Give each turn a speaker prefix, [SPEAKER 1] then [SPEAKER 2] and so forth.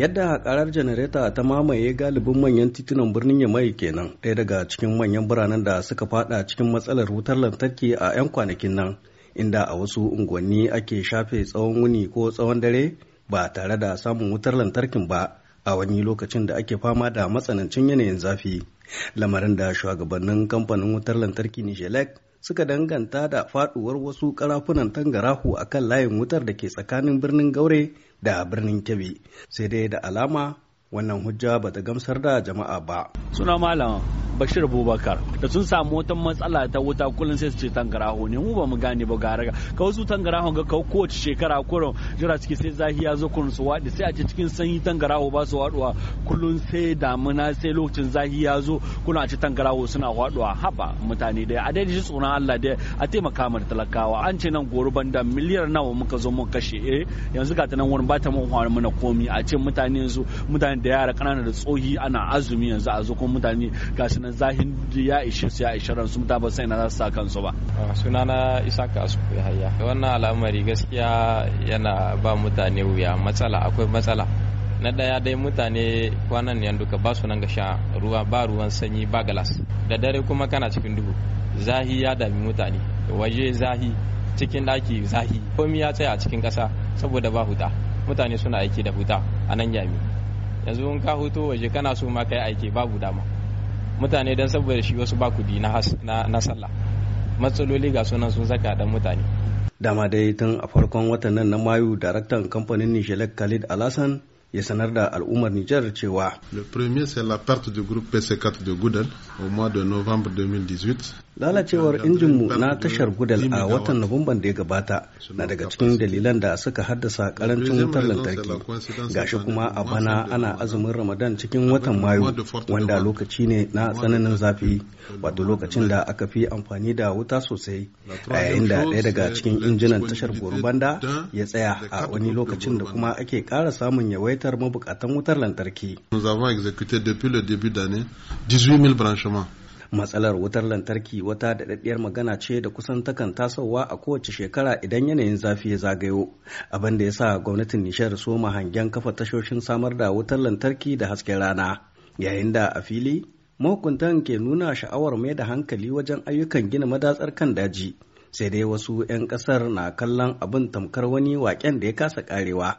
[SPEAKER 1] yadda karar janareta ta mamaye galibin manyan titunan birnin yamai kenan ɗaya daga cikin manyan biranen da suka fada cikin matsalar wutar lantarki a 'yan kwanakin nan inda a wasu unguwanni ake shafe tsawon wuni ko tsawon dare ba tare da samun wutar lantarkin ba a wani lokacin da ake fama da matsanancin yanayin zafi lamarin da shugabannin kamfanin wutar lantarki nijelek suka danganta da faduwar wasu karafunan tangarahu a kan layin wutar da ke tsakanin birnin gaure da birnin kebe sai dai da alama wannan hujja ba ta gamsar da jama'a ba suna malam bashir Abubakar da sun samu
[SPEAKER 2] wata matsala ta wuta kullum sai su ce tangaraho ne mu ba mu gane ba gara ga ka wasu tangaraho ga kawai kowace shekara kurin jira ciki sai zahi ya zo kurin su waɗi sai a ce cikin sanyi tangaraho ba su waɗuwa kullum sai damuna sai lokacin zahi ya zo kuna a ce tangaraho suna waɗuwa haba mutane da a daidai tsona Allah da a taimaka mana talakawa an ce nan goro banda miliyar nawa muka zo mun kashe eh yanzu ga ta nan wurin ba ta mun mana komi a ce mutane yanzu mutane da yara kanana da tsohi ana azumi yanzu a zukun mutane gashi nan zahin ya ishe su ya ishe ransu mutane ba sai na za su sa kansu ba
[SPEAKER 3] ah, sunana isaka su yahaya wannan al'amari gaskiya yana ba mutane wuya matsala akwai matsala na daya dai mutane kwanan yan duka ba su nan ga sha ruwa ba ruwan sanyi ba galas da dare kuma kana cikin duhu zahi ya dami mutane waje zahi cikin daki zahi komi ya tsaya a cikin kasa saboda ba huta mutane suna aiki da huta a nan yami yanzu in ka hoto waje kana so ma kai aiki babu dama mutane dan saboda shi wasu ba kudi na na sallah matsaloli ga sunan sun saka dan mutane dama dai tun a farkon
[SPEAKER 1] watan nan na mayu daraktan kamfanin nishelek khalid alasan ya sanar da al'ummar Nijar cewa. Le premier c'est la perte du groupe PC4 de Goudal au mois de novembre 2018. Lalacewar injin mu na tashar Gudal a watan Nuwamban da ya gabata na daga cikin dalilan da suka haddasa karancin wutar lantarki. Gashi kuma a bana ana azumin Ramadan cikin watan Mayu wanda lokaci ne na tsananin zafi wato lokacin da aka fi amfani da wuta sosai a yayin da ɗaya daga cikin injinan tashar Gorubanda ya tsaya a wani lokacin da kuma ake ƙara samun yawaitar yawaitar mabukatan wutar lantarki. Nous matsalar wutar lantarki wata daɗaɗɗiyar magana ce da kusan takan tasowa a kowace shekara idan yanayin zafi ya zagayo abin da ya sa gwamnatin nishar soma hangen kafa tashoshin samar da wutar lantarki da hasken rana yayin da a fili mahukuntan ke nuna sha'awar mai da hankali wajen ayyukan gina madatsar kan daji sai dai wasu 'yan ƙasar na kallon abin tamkar wani waƙen da ya kasa ƙarewa.